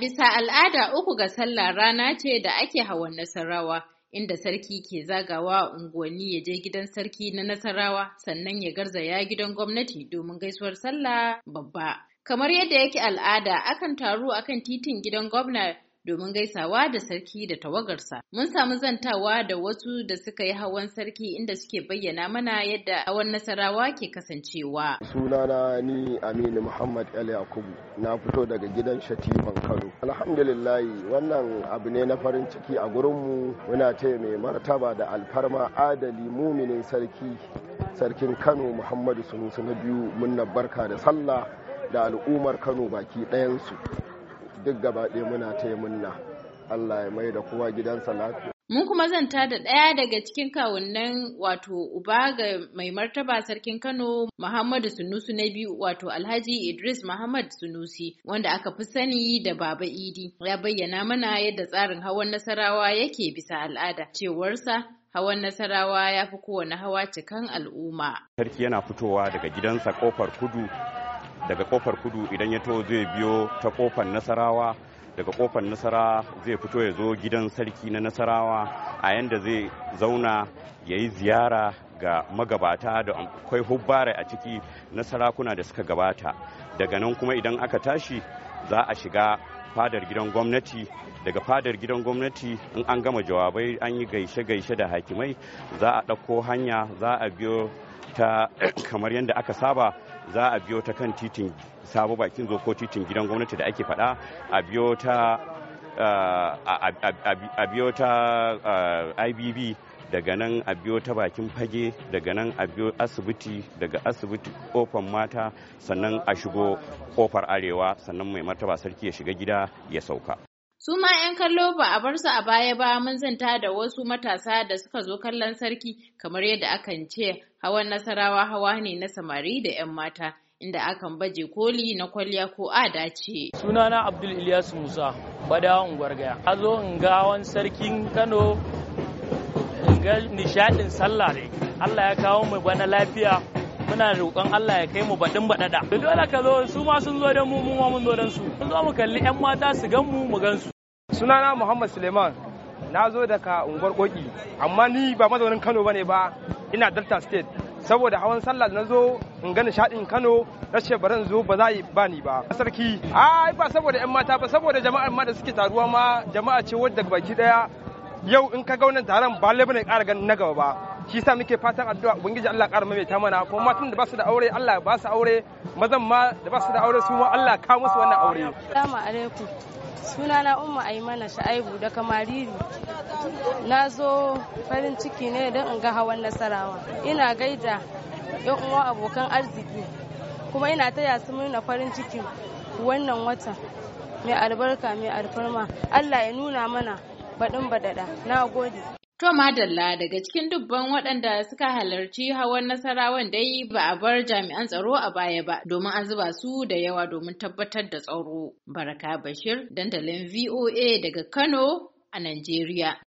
bisa al'ada uku ga sallah rana ce da ake hawan Nasarawa, inda sarki ke zagawa unguwanni ya je gidan sarki na Nasarawa, sannan ya garza ya gidan gwamnati domin gaisuwar sallah babba. Kamar yadda yake al'ada, akan taru akan titin gidan gwamna domin gaisawa da sarki da tawagarsa. Mun samu zantawa da wasu da suka yi hawan sarki inda suke bayyana mana yadda hawan nasarawa ke kasancewa. Sunana ni Aminu Muhammad El Yakubu na fito daga gidan Shatifan Kano. Alhamdulillah wannan abu ne na farin ciki a gurinmu muna ce mai martaba da alfarma adali muminin sarki sarkin Kano Muhammadu Sunusu na biyu mun barka da sallah da al'ummar Kano baki ɗayansu. duk gaba ɗaya muna ta munna Allah ya mai da kowa gidansa lafiya mun kuma zanta da ɗaya daga cikin kawunan wato uba ga mai martaba sarkin kano muhammadu sunusu na biyu wato alhaji idris muhammad sunusi wanda aka fi sani da baba idi ya bayyana mana yadda tsarin hawan nasarawa yake bisa al'ada cewarsa hawan nasarawa ya fi kowane hawa cikan al'umma sarki yana fitowa daga gidansa kofar kudu daga kofar kudu idan ya to zai biyo ta kofar nasarawa daga kofar nasara zai fito ya zo gidan sarki na nasarawa a yanda zai zauna ya yi ziyara ga magabata da akwai hubbare a ciki na sarakuna da suka gabata daga nan kuma idan aka tashi za a shiga fadar gidan gwamnati daga fadar gidan gwamnati in an gama jawabai an yi gaishe-gaishe da hakimai za a ɗauko hanya za a biyo ta kamar yadda aka saba za a biyo ta kan titin sabo bakin zo ko titin gidan gwamnati da ake faɗa a biyo ta a biyo ta ibb daga nan a biyo ta bakin fage daga nan a biyo asibiti daga asibiti kofar mata sannan a shigo kofar arewa sannan mai martaba sarki ya shiga gida ya sauka Su ma 'yan kallo ba a bar su a baya ba mun zanta da wasu matasa da suka zo kallon sarki kamar yadda akan ce hawan nasarawa hawa ne na samari da 'yan mata inda akan baje koli na kwalliya ko a ce. Sunana Abdul Ilyas Musa badawa unguwar A zo in ga hawan sarkin Kano in ga nishadin sallah ne. Allah ya kawo mai bana lafiya muna roƙon Allah ya kai mu baɗin baɗaɗa da dole ka zo su ma sun zo don mu mu ma mun zo don su mun zo mu kalli yan mata su gan mu mu gan su sunana Muhammad Suleiman na zo daga unguwar koki amma ni ba mazaunin Kano bane ba ina Delta State saboda hawan sallah na zo in ga nishaɗin Kano rashin baran zo ba za yi ba ni ba sarki ai ba saboda yan mata ba saboda jama'ar ma da suke taruwa ma jama'a ce wadda baki daya yau in ka ga wannan taron ba laifin ne ƙara ganin na gaba ba shi sa muke fatan addu'a ubangiji Allah mai ta mana kuma matan da ba su da aure Allah ba su aure mazan ma da ba su da aure su ma Allah ka musu wannan aure assalamu alaikum sunana umma aimana sha'aibu daga mariri na zo farin ciki ne don in ga hawan nasarawa ina gaida yan uwa abokan arziki kuma ina taya su murna farin ciki wannan wata mai albarka mai alfarma allah ya nuna mana baɗin baɗaɗa na gode To Madalla daga cikin dubban waɗanda suka halarci hawan nasarawan dai ba a bar jami'an tsaro a baya ba domin an zuba su da yawa domin tabbatar da tsaro. Baraka Bashir, dandalin VOA daga Kano a Najeriya.